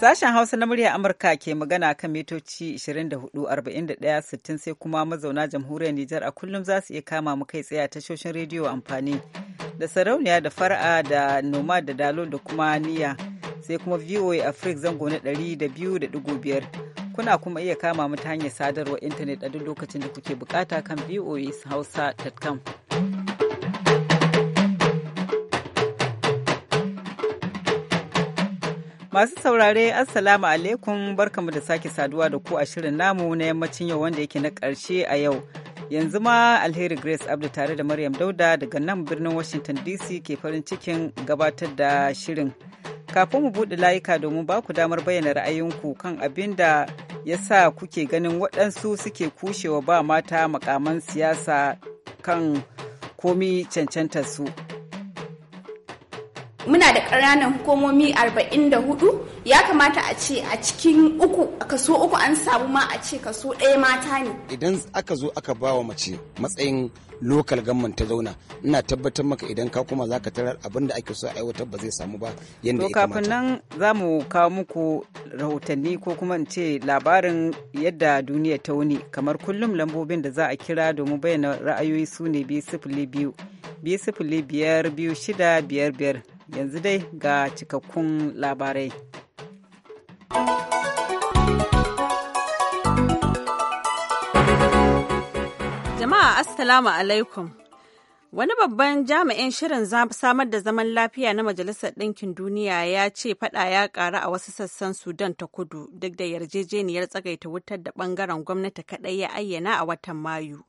Sashen Hausa na murya Amurka ke magana kan mitoci 24,41,60 sai kuma mazauna jamhuriyar Nijar a kullum za su iya kama mu kai tsaye a tashoshin rediyo amfani da sarauniya da fara da noma da dalo da kuma niyya sai kuma VOA Africa zango na 200.5 kuna kuma iya kama mu ta hanyar sadarwar intanet a duk lokacin da kuke bukata kan VOA Hausa.com. Masu saurare Assalamu alaikum barkamu da sake saduwa da ku a shirin namu na yammacin yau wanda yake na ƙarshe a yau. Yanzu ma Alheri Grace Abdu tare da Maryam Dauda daga nan birnin Washington DC ke farin cikin gabatar da shirin. Kafin mu buɗe layuka domin ba ku damar bayyana ra'ayinku kan abin da ya sa kuke ganin waɗansu suke kushewa ba mata makaman siyasa kan komi cancantar su. muna da ƙananan hukumomi 44 ya kamata a ce a cikin uku kaso uku an samu ma a ce kaso ɗaya mata ne idan aka zo aka ba wa mace matsayin lokal gamman ta zauna ina tabbatar maka idan ka kuma ka tarar abin da ake so aiwatar ba zai samu ba yadda ya kamata kafin nan za mu kawo muku rahotanni ko kuma in ce labarin yadda duniya ta wuni kamar kullum lambobin da za a kira domin bayyana ra'ayoyi su ne biyu sifili biyu biyu sifili biyar biyu shida biyar biyar yanzu dai ga cikakkun labarai jama'a assalamu alaikum Wani babban jami'in shirin samar da zaman lafiya na Majalisar Ɗinkin Duniya ya ce fada ya ƙaru a wasu sassan Sudan ta kudu duk da yarjejeniyar tsagaita wutar da ɓangaren gwamnati kaɗai ya ayyana a watan Mayu.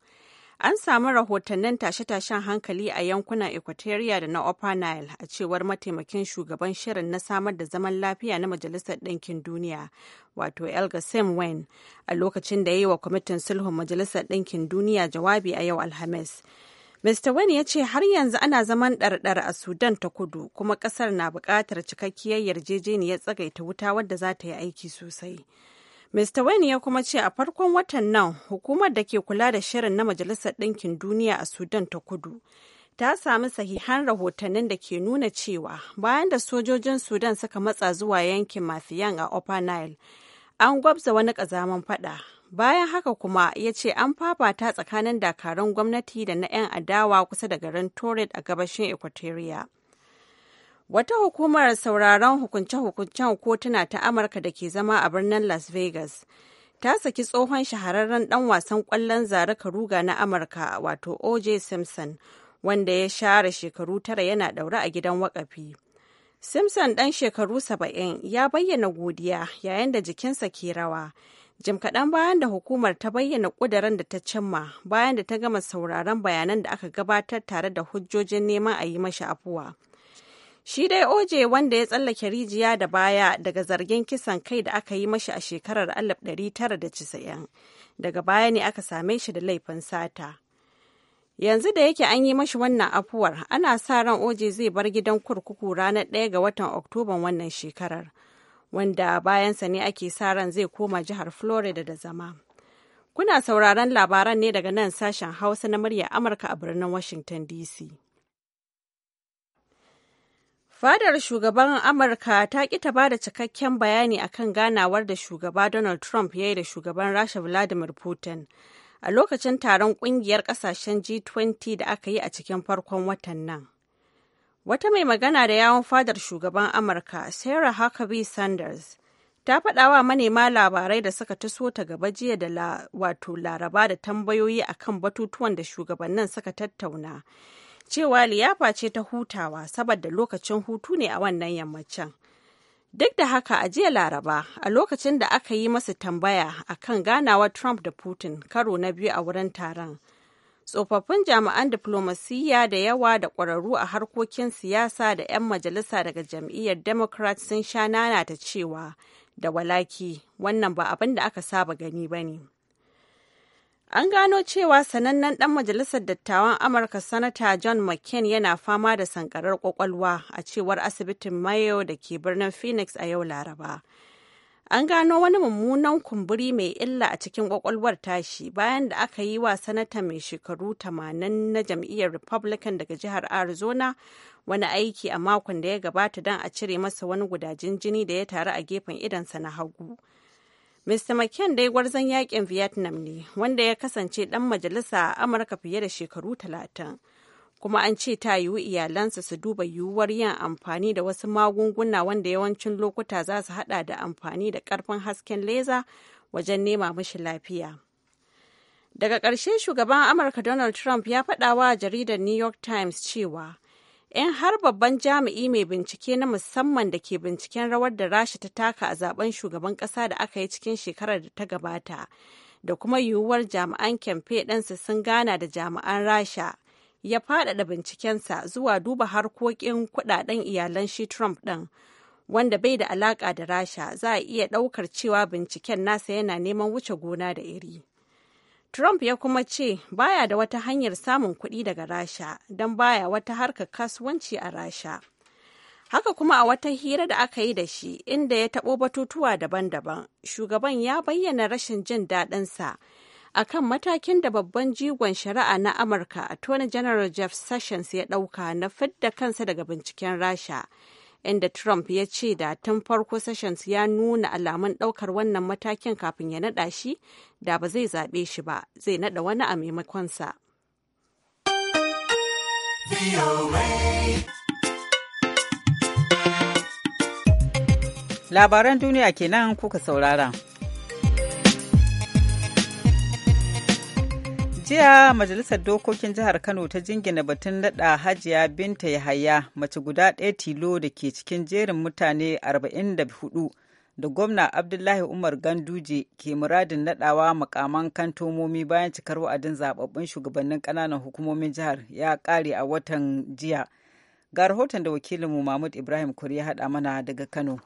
An samu rahotannin tashe-tashen hankali a yankunan Equatoria da na Upper Nile a cewar mataimakin shugaban shirin na samar da zaman lafiya na Majalisar Ɗinkin Duniya, wato Elga Semwen, a lokacin da ya yi wa kwamitin sulhun Majalisar Ɗinkin Duniya jawabi a yau Alhamis. Mr. Wen ya ce har yanzu ana zaman ɗarɗar a Sudan ta kudu kuma ƙasar na buƙatar cikakkiyar yarjejeniyar tsagaita wuta wadda za ta yi aiki sosai. Mr. Wayne ya kuma ce a farkon watan nan hukumar da ke kula da shirin na Majalisar Ɗinkin Duniya a Sudan ta kudu ta sami sahihan rahotannin da ke nuna cewa bayan da sojojin Sudan suka matsa zuwa yankin Mafiyan a Upper Nile an gwabza wani ƙazaman fada. Bayan haka kuma ya ce an fafata tsakanin dakarun gwamnati da na 'yan adawa kusa da garin Toret a gabashin Equatoria. Wata hukumar sauraron hukunce-hukuncen kotuna ta Amurka da ke zama a birnin Las Vegas ta saki tsohon shahararren ɗan wasan ƙwallon zare ruga na Amurka wato O.J. Simpson wanda ya share shekaru tara yana ɗaure a gidan wakafi. Simpson ɗan shekaru saba'in ya bayyana godiya yayin da jikinsa ke rawa. Jim kaɗan bayan da hukumar ta bayyana ƙudurin da ta cimma bayan da ta gama sauraron bayanan da aka gabatar tare da hujjojin neman a yi mashi afuwa. Shi dai Oje wanda ya tsallake rijiya da baya daga zargin kisan kai da aka yi mashi a shekarar 1990 daga baya ne aka same shi da laifin sata. Yanzu da yake an yi mashi wannan afuwar, ana sa ran Oje zai bar gidan kurkuku ranar 1 ga watan Oktoban wannan shekarar, wanda bayansa ne ake sa ran zai koma jihar Florida da zama. Kuna sauraron labaran ne daga nan sashen Hausa na murya Amurka a birnin Washington DC. Fadar shugaban Amurka ta ƙi ta bada cikakken bayani akan ganawar da shugaba Donald Trump ya yi da shugaban Rasha Vladimir Putin a lokacin taron ƙungiyar ƙasashen G20 da aka yi a cikin farkon watan nan. Wata mai magana da yawon fadar shugaban Amurka, Sarah Huckabee Sanders, ta faɗa wa manema labarai da suka taso ta gaba jiya da wato laraba da tambayoyi akan batutuwan da shugabannin suka tattauna. cewa liyafa ce ta hutawa saboda lokacin hutu ne a wannan yammacin. Duk da haka a jiya Laraba, a lokacin da aka yi masa tambaya a kan ganawa Trump da Putin karo na biyu a wurin taron, tsofaffin jami'an diflomasiyya da yawa da ƙwararru a harkokin siyasa da 'yan majalisa daga jam'iyyar Democrat sun sha nana ta cewa da walaki wannan ba abin da aka saba gani ba ne. An gano cewa sanannen ɗan majalisar dattawan Amurka Sanata John McCain yana fama da sankarar kwakwalwa a cewar asibitin Mayo da ke birnin Phoenix a yau Laraba. An gano wani mummunan kumburi mai illa a cikin kwakwalwar tashi bayan da aka yi wa sanata mai shekaru 80 na jam'iyyar Republican daga jihar Arizona wani aiki a makon da ya gabata don a cire masa wani gudajen jini da ya taru a gefen idonsa na hagu. Mr. McCain dai gwarzon yakin Vietnam ne wanda ya kasance dan majalisa a Amurka fiye da shekaru talatin. Kuma an ce ta yiwu iyalansa su duba yiwuwar yin amfani da wasu magunguna wanda yawancin lokuta za su hada da amfani da karfin hasken leza wajen nema mashi lafiya. Daga ƙarshe shugaban Amurka Donald Trump ya faɗawa jaridar New York Times cewa in har babban jami'i mai bincike na musamman da ke binciken rawar da rasha ta taka a zaben shugaban kasa da aka yi cikin shekarar da ta gabata da kuma yiwuwar jami'an kyamfe ɗansa sun gana da jami'an rasha ya faɗaɗa bincikensa zuwa duba harkokin kuɗaɗen iyalan shi trump ɗin wanda bai da alaƙa da rasha za a iya ɗaukar cewa binciken nasa yana neman wuce gona da iri Trump ya kuma ce baya da wata hanyar samun kuɗi daga Rasha don baya wata harkar kasuwanci a Rasha. Haka kuma a wata hira da aka yi da shi inda ya taɓo batutuwa daban-daban, shugaban ya bayyana rashin jin daɗinsa a kan matakin da babban jigon shari'a na Amurka a Attorney General Jeff Sessions ya ɗauka na fidda kansa daga binciken Rasha. inda Trump ya ce da tun farko Sessions ya nuna alamun ɗaukar wannan matakin kafin ya naɗa shi da ba zai zaɓe shi ba, zai naɗa wani a maimakonsa. Labaran duniya kenan kuka saurara. jiya majalisar dokokin jihar kano ta jingina batun nada hajiya binta yahaya mace guda ɗaya tilo da ke cikin jerin mutane 44 da gwamna abdullahi umar ganduje ke muradin nadawa makaman kantomomi bayan cikar wa'adin zababbun shugabannin kananan hukumomin jihar ya kare a watan jiya ga rahoton da wakilinmu mahmud ibrahim kuri ya haɗa mana daga kano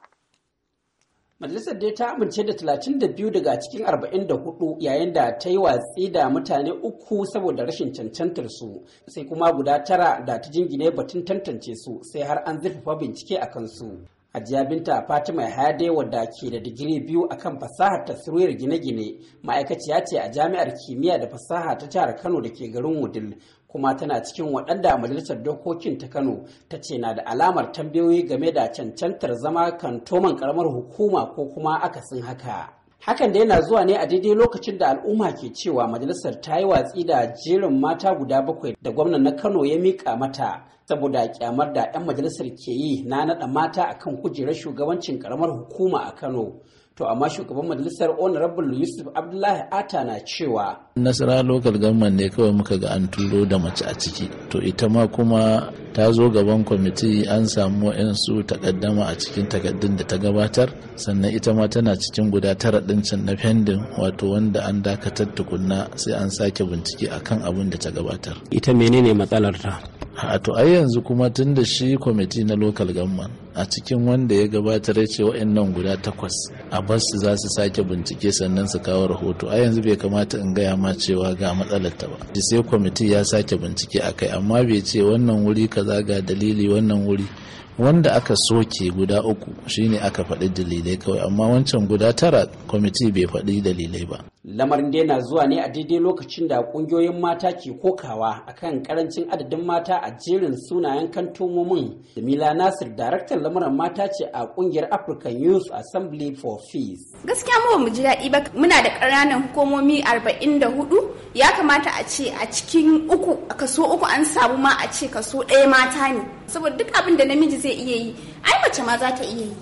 Majalisar dai ta amince da 32 daga cikin 44 yayin da ta yi watsi da mutane uku saboda rashin cancantar su sai kuma guda tara da ta jingine batun tantance su sai har an zurfafa bincike a kansu. Ajiya binta Fatima Hade wadda ke da digiri biyu akan fasahar taswirar gine-gine ma'aikaciya ce a jami'ar kimiyya da fasaha ta jihar Kano da ke garin Wudil kuma tana cikin waɗanda majalisar dokokin ta kano ta ce na da alamar tambayoyi game da cancantar zama kan toman karamar hukuma ko kuma akasin haka hakan da yana zuwa ne a daidai lokacin da al'umma ke cewa majalisar ta yi watsi da jerin mata guda bakwai da gwamnan na kano ya mika mata saboda kyamar da 'yan majalisar ke yi na naɗa mata akan kujerar shugabancin karamar hukuma a kano to amma shugaban majalisar honorable yusuf abdullahi ata na cewa nasara local government ne kawai muka ga an turo da mace a ciki to ita ma kuma ta zo gaban kwamiti an samu su takaddama a cikin takaddun da ta gabatar sannan ita ma tana cikin guda tara ɗincin na fendin wato wanda an dakatar tukunna sai an sake bincike akan abin da ta gabatar ita menene matsalar ta a to ai yanzu kuma tun da shi kwamiti na local government a cikin wanda ya gabatar ya ce wa'annan guda takwas a bas za su sake bincike sannan su kawo rahoto a yanzu bai kamata in gaya ma cewa ga matsalar ta ba sai kwamiti ya sake bincike a kai amma bai ce wannan wuri kaza ga dalili wannan wuri wanda aka soke guda uku shine aka faɗi dalilai kawai amma wancan guda tara kwamiti bai faɗi dalilai ba lamarin da yana zuwa ne a daidai lokacin da kungiyoyin mata ke kokawa akan karancin adadin mata a jerin sunayen kantomomin jamila nasir daraktan lamuran mata ce a kungiyar african youth assembly for peace gaskiya mu mu ji daɗi ba muna da ƙananan hukumomi 44 ya kamata a ce a cikin uku a kaso uku an samu ma a ce kaso ɗaya mata ne saboda duk abin da namiji zai iya yi ai mace ma za ta iya yi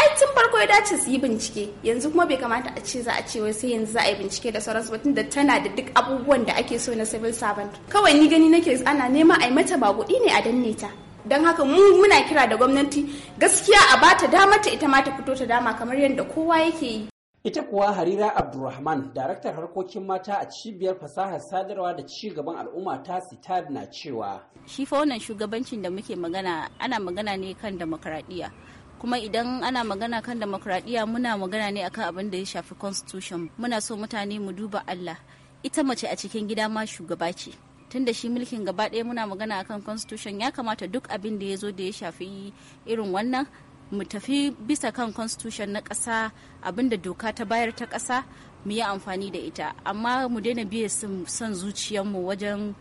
ai tun farko ya dace su yi bincike yanzu kuma bai kamata a ce za a ce wai sai yanzu za a yi bincike da sauransu ba tunda tana da duk abubuwan da ake so na civil servant kawai ni gani nake ana nema a yi mata ba kuɗi ne a danne ta don haka mu muna kira da gwamnati gaskiya a bata dama ta ita ma ta fito ta dama kamar yadda kowa yake yi ita kuwa harira abdulrahman daraktar harkokin mata a cibiyar fasahar sadarwa da ci gaban al'umma ta na cewa shi fa wannan shugabancin da muke magana ana magana ne kan demokradiyya kuma idan ana magana kan demokradiyya muna magana ne akan abin da ya shafi constitution muna so mutane mu duba Allah ita mace a cikin gida ma shugaba ce tunda shi mulkin gaba ɗaya muna magana akan constitution ya kamata duk abin da ya zo da ya shafi irin wannan mu tafi bisa kan constitution na ƙasa da doka ta bayar ta ƙasa mu yi amfani da ita amma mu daina biye son zuciyarmu wajen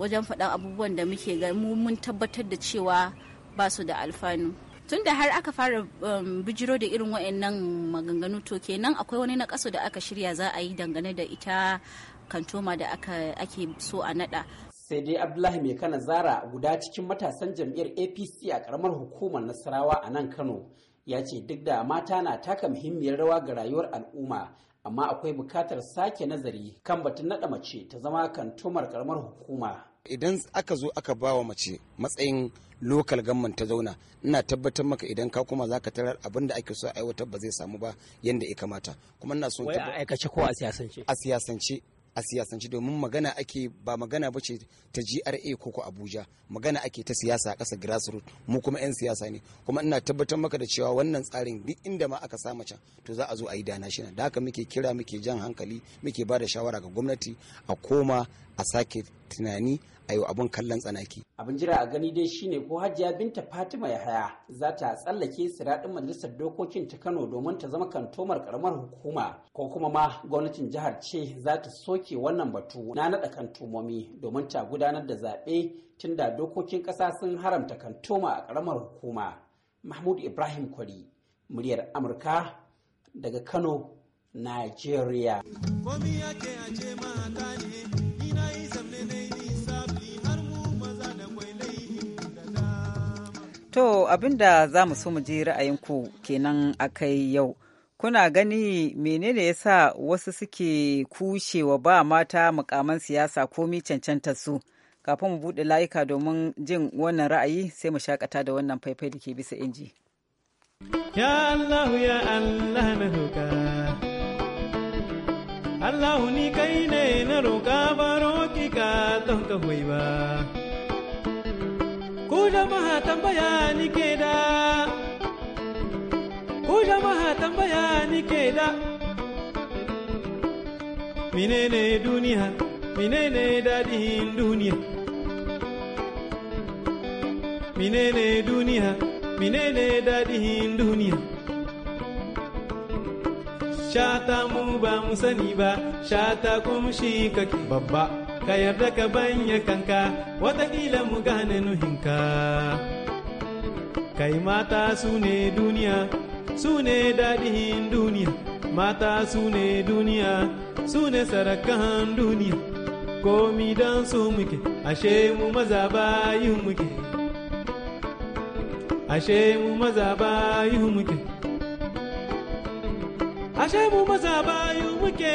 wajen faɗan abubuwan da muke ga mu mun tabbatar da cewa ba su da alfanu. tunda har aka fara um, bijiro da irin wa'annan maganganu to kenan akwai wani na kaso da aka shirya za a yi dangane da ita kantoma da ake so a nada sai dai abdullahi mai kana zara guda cikin matasan jam'iyyar apc a karamar hukumar nasarawa a nan kano ya ce duk da mata na taka muhimmiyar rawa ga rayuwar al'umma amma akwai bukatar sake nazari kan batun naɗa mace ta zama kantomar karamar hukuma idan aka zo aka ba wa mace matsayin lokal gamman ta zauna ina tabbatar maka idan ka kuma za ka tarar abin ake so a aiwatar ba zai samu ba yadda ya kamata kuma ina so a aikace ko a siyasance a siyasance domin magana ake ba magana ba ce ta GRA ko ko Abuja magana ake ta siyasa a ƙasa grassroots mu kuma 'yan siyasa ne kuma ina tabbatar maka da cewa wannan tsarin duk inda ma aka sa mace to za a zo a yi dana shi da haka muke kira muke jan hankali muke ba da shawara ga gwamnati a koma a sake tunani a yau abun kallon tsanaki. Abin jira a gani dai shine ko Hajiya Binta Fatima ya haya za ta tsallake siraɗin majalisar dokokin ta Kano domin ta zama kantomar karamar hukuma ko kuma ma gwamnatin jihar ce za ta soke wannan batu na naɗa kantomomi domin ta gudanar da zaɓe tun da dokokin ƙasa sun haramta kantoma a karamar hukuma. Mahmud Ibrahim Kwari, muryar Amurka daga Kano, Nigeria. To abinda za mu so mu ji ra'ayinku kenan a kai yau. Kuna gani menene ya sa wasu suke kushewa ba mata mukaman siyasa komi cancanta su. Kafin mu buɗe layuka domin jin wannan ra'ayi sai mu shakata da wannan faifai da ke bisa inji. Ya Allah ya Allah na roƙa. Allah ni kai ne na roƙa ba roƙi ka ba. Ku jama'a tambaya ni ke da, ku jama'a tambaya ni ke da. Menene duniya, menene dadihin duniya? Menene duniya, menene dadihin duniya? Shata mu ba mu sani ba, shata kuma shi kake babba. ka yarda ka banye kanka watakila mu gane nuhinka kai mata su ne duniya su ne daɗin duniya mata su ne duniya su ne sarakan duniya komi don su muke ashe mu maza bayin muke ashe mu maza bayin muke ashe mu maza bayin muke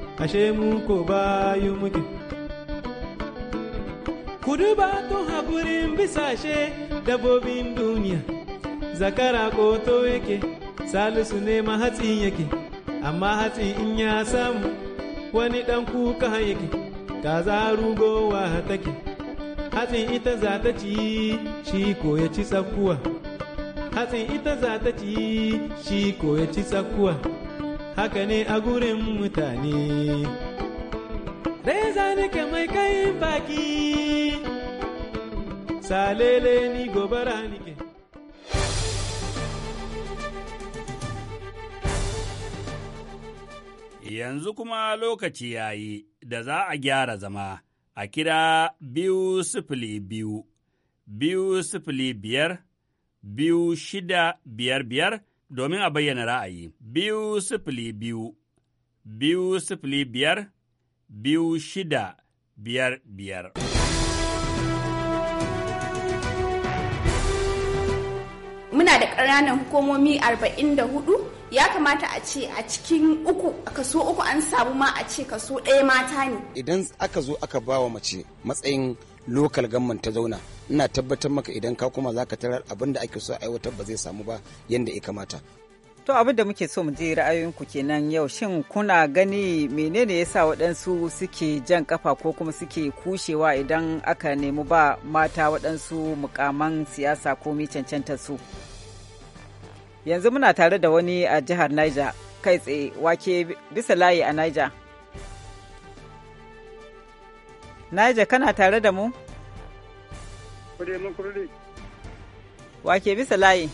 ashe mu ko bayu muke. Kudu ba tun haburin bisashe dabobin duniya, zakara ko to yake, salisu ne ma hatsi yake, amma hatsi in ya samu wani dan kuka yake, ka za rugowa take. hatsi ita za ta ci shi ko ya ci tsakuwa. hatsi ita za ta ci shi ko ya ci tsakuwa. haka ne a gurin mutane reza ke mai kai baki salele ni gobara nike yanzu kuma lokaci ya yi da za a gyara zama a kira biyu sifili biyu biyu sifili biyar biyu shida biyar biyar domin a bayyana ra'ayi. Biyu sifili biyu, biyu sifili biyar, biyu shida biyar biyar. Muna da ƙananan hukumomi arba'in da hudu ya kamata a ce a cikin uku kaso uku an samu ma a ce kaso ɗaya mata ne idan aka zo aka ba wa mace matsayin lokal gamman ta zauna ina tabbatar maka idan ka kuma za ka tarar abin da ake so aiwatar ba zai samu ba yadda ya kamata To abin da muke so mu je ra'ayoyinku kenan yau shin kuna gani menene yasa waɗansu suke jan kafa ko kuma suke kushewa idan aka nemi ba mata waɗansu mukaman siyasa ko mi cancantar su. yanzu muna tare da wani a jihar niger kai tsaye wake bisa layi a niger niger kana tare da mu wake bisa layi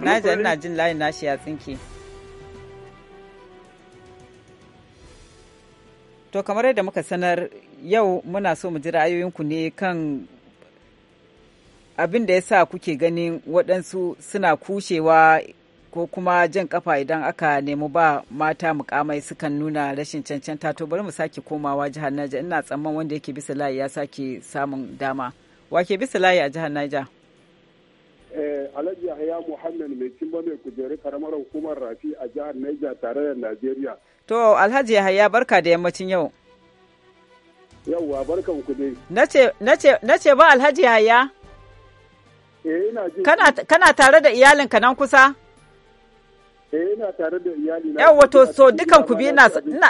niger ina jin layin nashi ya tsinke to kamar yadda muka sanar yau muna so mu ji ra'ayoyinku ne kan abin da ya sa kuke ganin waɗansu suna kushewa ko kuma jan kafa idan aka nemi ba mata mukamai sukan nuna rashin cancanta to bari mu sake komawa jihar Naija ina tsamman wanda yake bisa layi ya sake samun dama wake bisa layi a jihar Naija eh Alhaji Yahya Muhammad mai cimba mai kujeru karamar hukumar Rafi a jihar Niger tare da Najeriya to Alhaji Yahya barka da yammacin yau yauwa barkan ku dai nace nace nace ba Alhaji Yahya Eh, kana tare da iyalinka nan kusa? Eh ina tare da iyalina. Yau wato so dukan ku biyu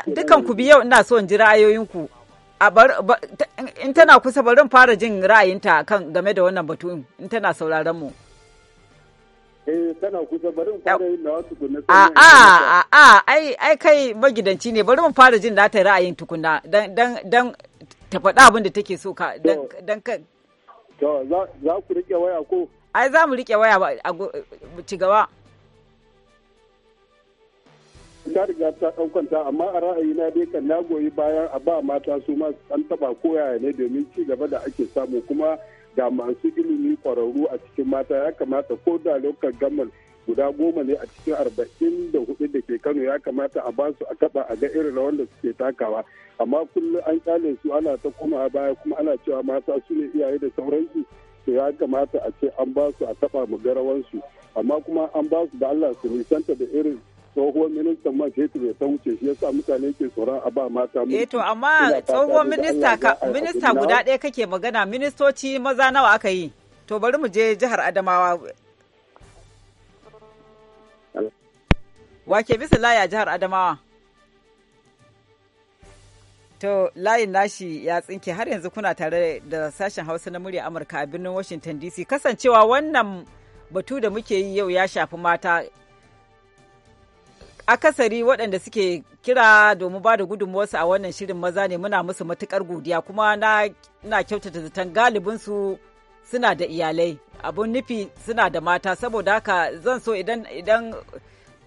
dukan ku biyu ina so in ji ku A bar in tana kusa barin fara jin ra'ayinta kan game da wannan batun in tana sauraron mu. Eh tana kusa barin fara yin nawa tukunna. A a a ai ai kai magidanci ne bari mu fara jin da ta ra'ayin tukunna dan dan dan ta faɗa abin da take so ka dan dan za ku rike waya ko? Ai za mu rike waya a ci gaba. Ta riga ta ɗaukanta amma a ra'ayina dai kan na goyi bayan a ba mata su ma an taɓa koyaya ne domin ci gaba da ake samu kuma ga masu ilimi ƙwararru a cikin mata ya kamata ko da lokacin gamar guda goma ne a cikin arba'in ya kamata a basu a taba a ga irin rawan da suke takawa amma kullum an kyale su ana ta komawa baya kuma ana cewa mata su ne iyaye da sauransu to ya kamata a ce an basu a taba mu garawansu amma kuma an basu da Allah su nisanta da irin tsohuwar ministan man fetur ya ta wuce shi yasa mutane ke tsoron a ba mata mu. Eh to amma tsohuwar minista minista guda ɗaya kake magana ministoci maza nawa aka yi to bari mu je jihar Adamawa Wake bisa laya jihar Adamawa. To layin nashi ya tsinke har yanzu kuna tare da sashen Hausa na murya Amurka a birnin Washington DC kasancewa wannan batu da muke yi yau ya shafi mata akasari waɗanda suke kira domin ba da gudunmuwarsu a wannan shirin maza ne muna musu matuƙar godiya kuma na, kyautata zaton galibinsu suna da iyalai abun nufi suna da mata saboda haka zan so idan idan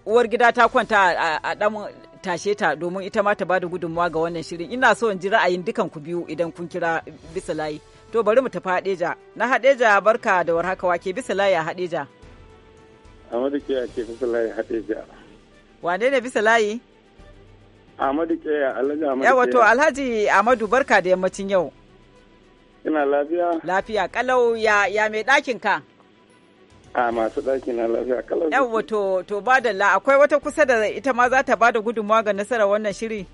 uwar gida ta kwanta a ɗan tashe ta domin ita ma ta bada gudunmawa ga wannan shirin ina so in ji ra'ayin dukan ku biyu idan kun kira bisa layi to bari mu tafi hadeja na hadeja barka da warhaka wake bisa layi a hadeja Amadu ke ake bisa layi hadeja wane ne bisa layi Amadu ke Alhaji Amadu yawa to Alhaji Amadu barka da yammacin yau ina lafiya lafiya kalau ya ya mai ɗakin ka a masu ɗakin na lafiya kalau yawwa to to la akwai wata kusa da ita ma za ta ba da gudunmawa ga nasarar wannan shiri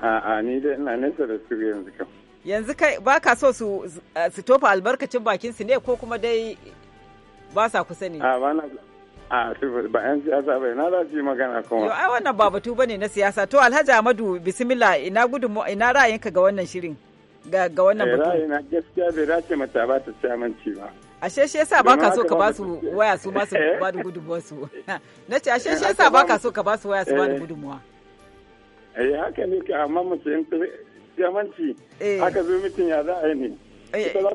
a a ni dai ina nesa da shiri yanzu kam yanzu kai ba ka so su su tofa albarkacin bakin su ne ko kuma dai ba sa kusa ne a ba na a ba yan siyasa bai na za su yi magana kuma ai wannan ba batu bane na siyasa to alhaji amadu bisimila ina gudunmawa ina ra'ayinka ga wannan shirin ga wannan eh, batu ra'ayina gaskiya bai dace mata ba ta ciyamanci ba ashe shi yasa ba ka so ka ba su waya su ba su eh? ba da gudunmuwa su na ce ashe shi eh, yasa ba ka so ka ba su waya su ba da eh. gudunmuwa eh haka ne ka amma mace in jamanci haka zo mitin ya za a yi ne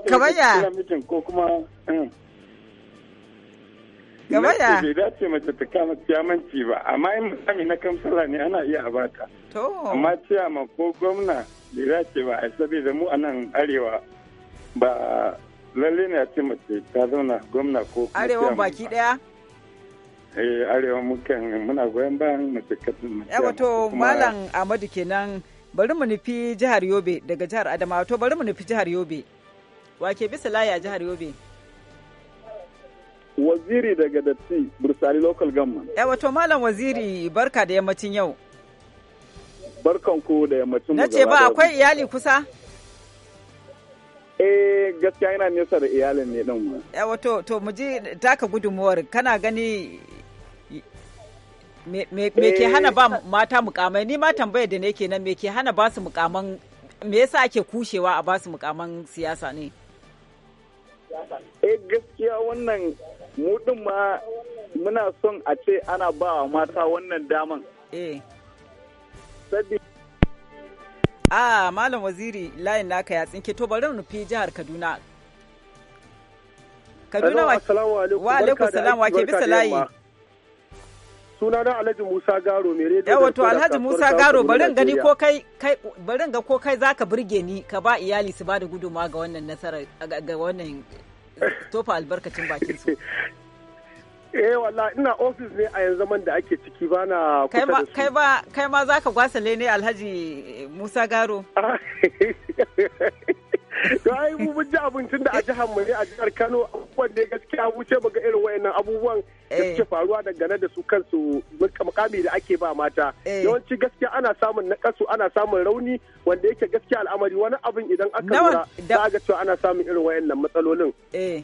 kamar ya mitin ko kuma hmm. kamar ya bai dace mace ta kama ciyamanci ba amma in mutane na kamsala ne ana iya abata amma ciyama ko gwamna bai dace ba a sabida mu a nan arewa ba lalle ne a ce mace ta zauna gwamna ko arewa baki daya eh arewa muke muna goyon bayan mace katin mace wato malam amadu kenan bari mu nufi jihar yobe daga jihar adamawa to bari mu nufi jihar yobe wake bisa laya jihar yobe waziri daga datti bursari local government yawa wato malam waziri barka da yammacin yau barkan ku da yammacin mu na ce ba akwai iyali kusa gaskiya yana nesa da iyalin ne din ma. Eh, to to mu ji taka gudunmuwar kana gani me ke eh, hana ba mata mukamai ni ma tambaya da ne kenan me ke hana ba su mukaman me yasa ake kushewa a ba su mukaman siyasa ne? Eh gaskiya wannan mu din ma muna son a ce ana ba wa mata wannan daman. Eh. a malam waziri layin naka ya tsinke to bari nufi jihar kaduna kaduna wa alaikum salam wa ke bisa layi suna na alhaji musa garo mere da yawa to alhaji musa garo barin gani ko kai kai barin ga ko kai zaka burge ni ka ba iyali su ba da gudumawa ga wannan nasarar ga wannan tofa albarkacin bakin su Eh walla ina ofis ne a yanzu man da ake ciki ba na kusa da su. Kai ba kai ma zaka gwasale ne Alhaji Musa Garo. To ai mu mun ji abincin da a jihar mu ne a jihar Kano abubuwan da gaskiya wuce ba ga irin wayannan abubuwan da eh. suke faruwa dangane da su kansu makami da ake ba mata. Eh. Yawanci gaskiya ana samun nakasu ana samun rauni wanda yake gaskiya al'amari wani abin idan aka lura za ga cewa ana samun irin wayannan matsalolin. Eh.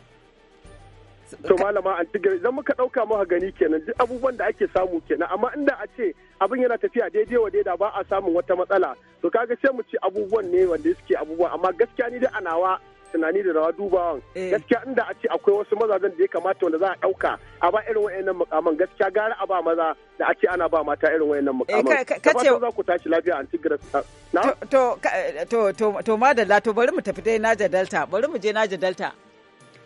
to malama antigari idan muka dauka muka gani kenan duk abubuwan da ake samu kenan amma inda a ce abin yana tafiya daidai wa daida ba a samun wata matsala to kaga sai mu ci abubuwan ne wanda suke abubuwan amma gaskiya ni da a wa tunani da rawa dubawan eh. gaskiya inda a ce akwai wasu mazajen da ya kamata wanda za a dauka a ba irin wayannan mukaman gaskiya gara a ba maza da ake ana ba mata irin wayannan eh, mukaman ka ce za ku tashi lafiya an tigras na to to to to madalla to bari mu tafi dai Niger Delta bari mu je Niger Delta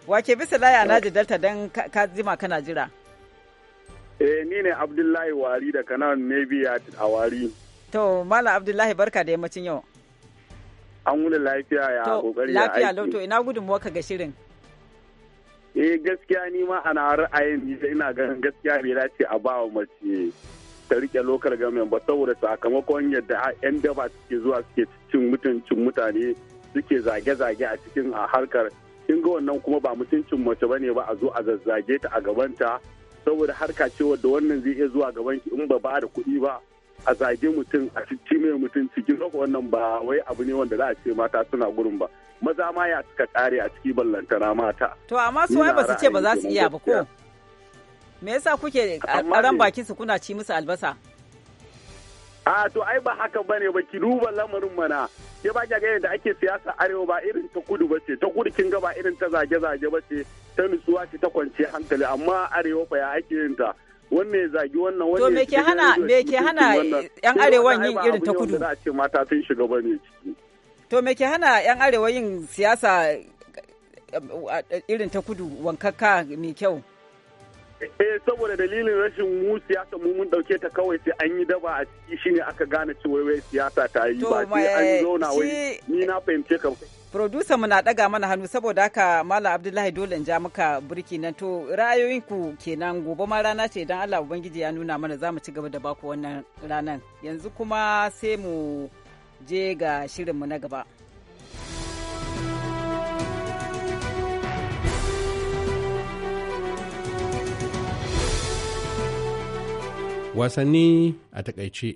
Wake bisa laya Naji Delta don ka jima kana jira. Eh ni ne Abdullahi Wari da kanan Navy a Wari. To Malam Abdullahi barka da yammacin yau. An wuni lafiya ya kokari ya aiki. Lafiya lauto ina gudunmuwa ga shirin. Eh gaskiya ni ma ana ra'ayin ni ina ganin gaskiya bai dace a bawa mace ta rike lokar gamen ba saboda sakamakon yadda 'yan daba suke zuwa suke cin mutuncin mutane suke zage-zage a cikin harkar kin ga wannan kuma ba mutuncin mace ba ne ba a zo a zazzage ta a gabanta saboda harka ce wadda wannan zai iya zuwa gaban ki in ba ba da kuɗi ba a zage mutum a cikin mai mutum cikin wannan ba wai abu ne wanda za a ce mata suna gurin ba maza ma ya suka kare a ciki ballantana mata to amma su wai ba su ce ba za su iya ba ko me yasa kuke ran baki su kuna ci musu albasa a to ai ba haka bane ba ki duba lamarin mana ke ba ga yadda ake siyasa arewa ba irin ta kudu ba ce ta kudu kin ga ba irin ta zage zage ba ce ta nutsuwa ce ta kwance hankali amma arewa ba ya ake yin ta wannan zagi wannan wannan to me ke hana me ke hana yan arewa yin irin ta kudu da ce mata sun shiga bane to me ke hana yan arewa yin siyasa eh, irin ta kudu wankakka mai kyau eh saboda dalilin rashin mu siyasa mu mun dauke ta kawai sai an yi daba a ciki shine aka gane cewa wai siyasa ta yi ba sai an eh, zauna wai ni na fahimce ka producer mu na daga mana hannu saboda haka malam abdullahi dole in ja muka burki nan to ra'ayoyin ku kenan gobe ma rana ce idan Allah ubangiji ya nuna mana zamu ci gaba da baku wannan ranan yanzu kuma sai mu je ga shirinmu na gaba. wasanni a takaice.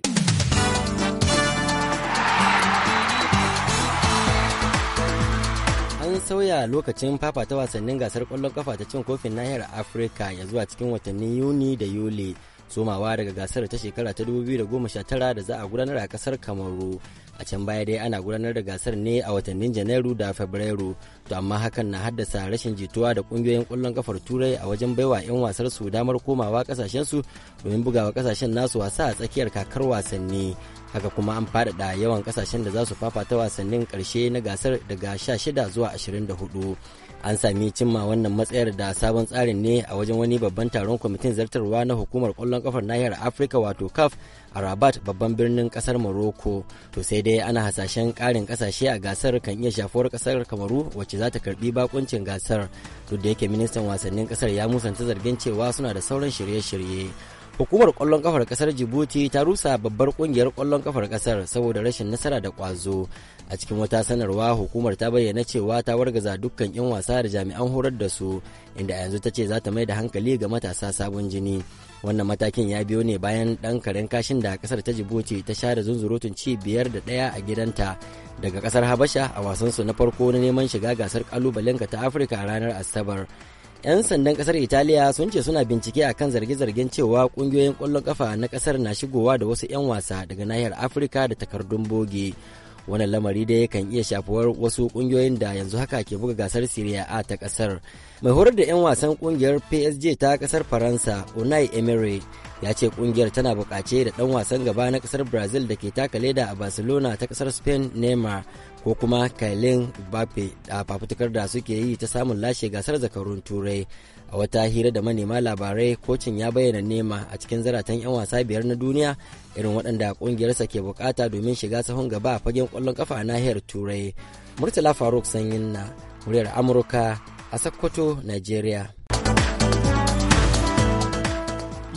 an sauya lokacin fafata wasannin gasar kwallon kafa ta cin kofin nahiyar afirka ya zuwa cikin watannin yuni da yuli somawa daga gasar ta shekara ta 2019 da za a gudanar a kasar kamaru a can baya dai ana gudanar da gasar ne a watannin janairu da fabrairu to amma hakan na haddasa rashin jituwa da kungiyoyin kwallon kafar turai a wajen baiwa 'yan wasar su damar komawa kasashen su domin bugawa kasashen nasu wasa a tsakiyar kakar wasanni haka kuma an faɗaɗa yawan kasashen da za su fafata wasannin ƙarshe na gasar daga 16 zuwa 24 an sami cimma wannan matsayar da sabon tsarin ne a wajen wani babban taron kwamitin zartarwa na hukumar kwallon kafar nahiyar afirka wato caf a rabat babban birnin kasar morocco to sai dai ana hasashen karin kasashe a gasar kan iya shafuwar kasar kamaru wacce za ta karbi bakuncin gasar duk da yake ministan wasannin kasar ya musanta zargin cewa suna da sauran shirye-shirye Hukumar kwallon kafar kasar Djibouti ta rusa babbar kungiyar kwallon kafar kasar saboda rashin nasara da kwazo. A cikin wata sanarwa hukumar ta bayyana cewa ta wargaza dukkan 'yan wasa da jami'an horar da su inda a yanzu ta ce za ta mai da hankali ga matasa sabon jini. Wannan matakin ya biyo ne bayan ɗan karen kashin da kasar ta Djibouti ta share zunzurutun ci biyar da ɗaya a gidanta daga kasar Habasha a wasansu na farko na neman shiga gasar ƙalubalenka ta Afirka a ranar Asabar. 'yan sandan kasar italiya sun ce suna bincike akan zarge-zargen cewa kungiyoyin kwallon kafa na kasar na shigowa da wasu 'yan wasa daga nahiyar afirka da takardun boge wannan lamari da yakan iya shafuwar wasu kungiyoyin da yanzu haka ke buga gasar syria a ta kasar mai horar da 'yan wasan kungiyar psg ta kasar faransa unai emery ya ce kungiyar tana bukace da dan wasan gaba na kasar brazil da ke taka leda a barcelona ta kasar spain neymar ko kuma kailin bape a fafutukar da suke yi ta samun lashe gasar zakarun turai a wata hira da manema labarai kocin ya bayyana nema a cikin zaratan 'yan wasa biyar na duniya irin waɗanda ƙungiyarsa ke bukata domin shiga sahun gaba a fagen ƙwallon kafa a nahiyar turai murtala faruk sanyin na muryar amurka a sakkwato nigeria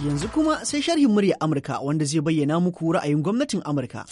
yanzu kuma sai sharhin murya amurka wanda zai bayyana muku ra'ayin gwamnatin amurka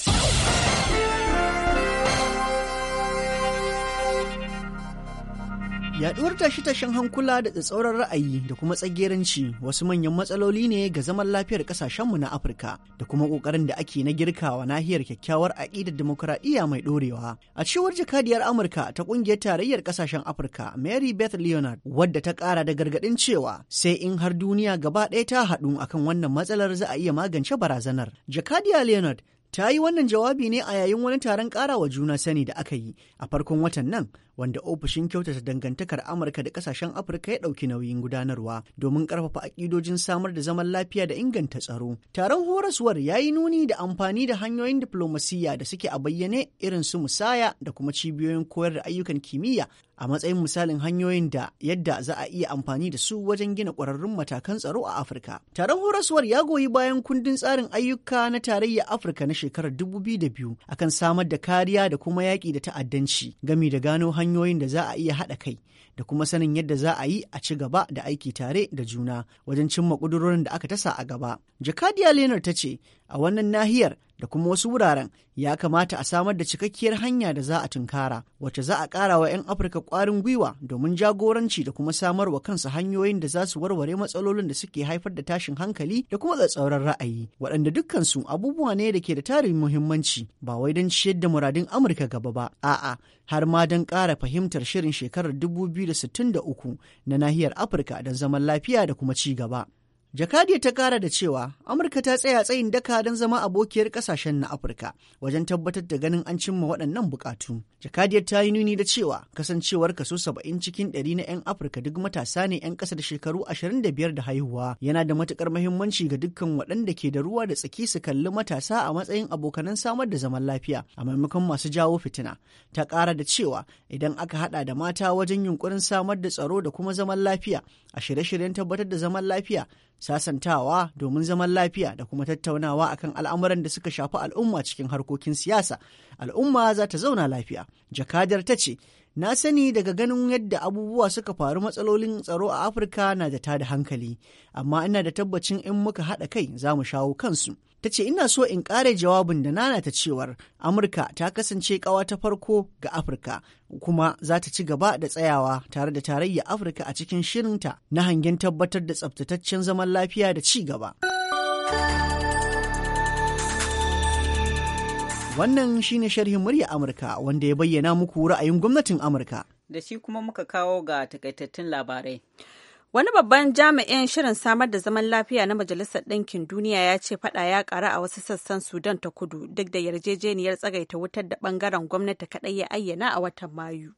Yaɗuwar tashe-tashen hankula da tsatsauran ra'ayi da kuma tsageranci wasu manyan matsaloli ne ga zaman lafiyar kasashenmu na Afirka da kuma ƙoƙarin da ake na girka wa nahiyar kyakkyawar aƙidar demokuraɗiyya mai ɗorewa. A cewar jakadiyar Amurka ta ƙungiyar tarayyar kasashen Afirka Mary Beth Leonard wadda ta ƙara da gargaɗin cewa sai in har duniya gaba ɗaya ta haɗu akan wannan matsalar za a iya magance barazanar. Jakadiyar Leonard ta yi wannan jawabi ne a yayin wani taron ƙara wa juna sani da aka yi a farkon watan nan wanda ofishin kyautata dangantakar Amurka da kasashen Afirka ya ɗauki nauyin gudanarwa domin ƙarfafa aƙidojin samar da zaman lafiya da inganta tsaro. Taron horaswar ya yi nuni da amfani da hanyoyin diflomasiyya da suke a bayyane irin su musaya da kuma cibiyoyin koyar da ayyukan kimiyya a matsayin misalin hanyoyin da yadda za a iya amfani da su wajen gina ƙwararrun matakan tsaro a Afirka. Taron horaswar ya goyi bayan kundin tsarin ayyuka na tarayya Afirka na shekarar dubu da 2002 akan samar da kariya da kuma yaƙi da ta'addanci gami da gano hanyoyin hanyoyin da za a iya haɗa kai da kuma sanin yadda za a yi a ci gaba da aiki tare da juna wajen cimma ƙudurorin da aka tasa a gaba. Jakadiya Lenar ta ce, a wannan nahiyar da kuma wasu wuraren ya kamata a samar da cikakkiyar hanya da za a tunkara wacce za a ƙara wa 'yan afirka kwarin gwiwa domin jagoranci da kuma samar wa kansu hanyoyin da za su warware matsalolin da suke haifar da tashin hankali da kuma tsatsauran ra'ayi waɗanda dukkansu abubuwa ne da ke da tarin muhimmanci ba wai don ciyar da muradin amurka gaba ba a'a har ma don ƙara fahimtar shirin shekarar 2063 na nahiyar afirka don zaman lafiya da kuma ci gaba. Jakadiya ta kara da cewa Amurka ta tsaya tsayin daka don zama abokiyar kasashen na Afirka wajen tabbatar da ganin an cimma waɗannan bukatu. Jakadiyar ta yi nuni da cewa kasancewar kaso saba'in cikin ɗari na 'yan Afirka duk matasa ne 'yan ƙasa da shekaru ashirin da biyar da haihuwa yana da matukar mahimmanci ga dukkan waɗanda ke da ruwa da tsaki su kalli matasa a matsayin abokanan samar da zaman lafiya a maimakon masu jawo fitina. Ta kara da cewa idan aka haɗa da mata wajen yunkurin samar da tsaro da kuma zaman lafiya a shirye-shiryen tabbatar da zaman lafiya sasantawa domin zaman lafiya da kuma tattaunawa akan al'amuran da suka shafi al'umma cikin harkokin siyasa al'umma za ta zauna lafiya jakadar ta ce Na sani daga ganin yadda abubuwa suka faru matsalolin tsaro a Afirka na da tada hankali, amma ina da tabbacin in muka haɗa kai za mu shawo kansu. Ta ce ina so in ƙare jawabin da nana ta cewar Amurka ta kasance ƙawa ta farko ga Afirka kuma za ta ci gaba da tsayawa tare da tarayya Afirka a cikin shirinta na hangen tabbatar da tsaftataccen zaman lafiya da ci gaba. Wannan shi ne sharhin murya Amurka wanda ya bayyana muku ra'ayin gwamnatin Amurka. Da shi kuma muka kawo ga takaitattun labarai. Wani babban jami'in shirin samar da zaman lafiya na Majalisar Ɗinkin Duniya ya ce fada ya ƙara a wasu sassan Sudan ta kudu duk da yarjejeniyar tsagaita wutar da ɓangaren gwamnati kaɗai ya ayyana a watan Mayu.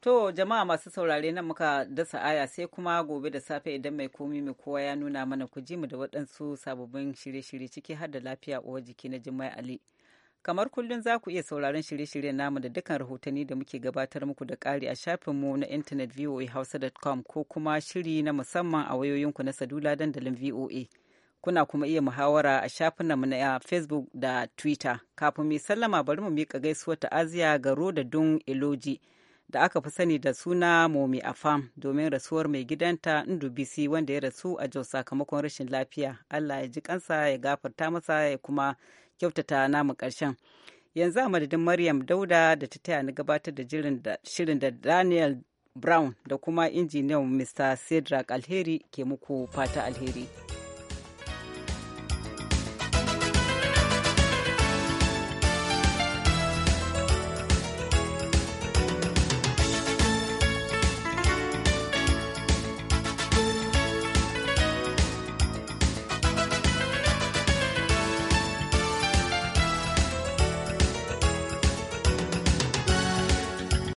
To jama'a masu saurare nan muka dasa aya sai kuma gobe da safe idan mai komi mai kowa ya nuna mana ku ji mu da waɗansu sababbin shirye-shirye ciki har da lafiya uwar jiki na Jummai Ali. Kamar kullum za ku iya sauraron shirye-shiryen namu da dukkan rahotanni da muke gabatar muku da ƙari a shafinmu na intanet voahausa.com ko kuma shiri na musamman a wayoyinku na sadula dandalin VOA. Kuna kuma iya muhawara a mu na Facebook da Twitter. Kafin mai sallama bari mu miƙa gaisuwar ta'aziya ga Rodadun eloji da aka fi sani da suna Momi fam domin rasuwar mai gidanta Ndubisi wanda ya rasu a Jos sakamakon rashin lafiya. Allah ya ji kansa ya gafarta masa ya kuma kyautata namu ƙarshen. Yanzu a madadin Maryam Dauda da ta taya ni gabatar da shirin da Daniel Brown da kuma injiniyan Mr. Cedric Alheri ke muku fata alheri.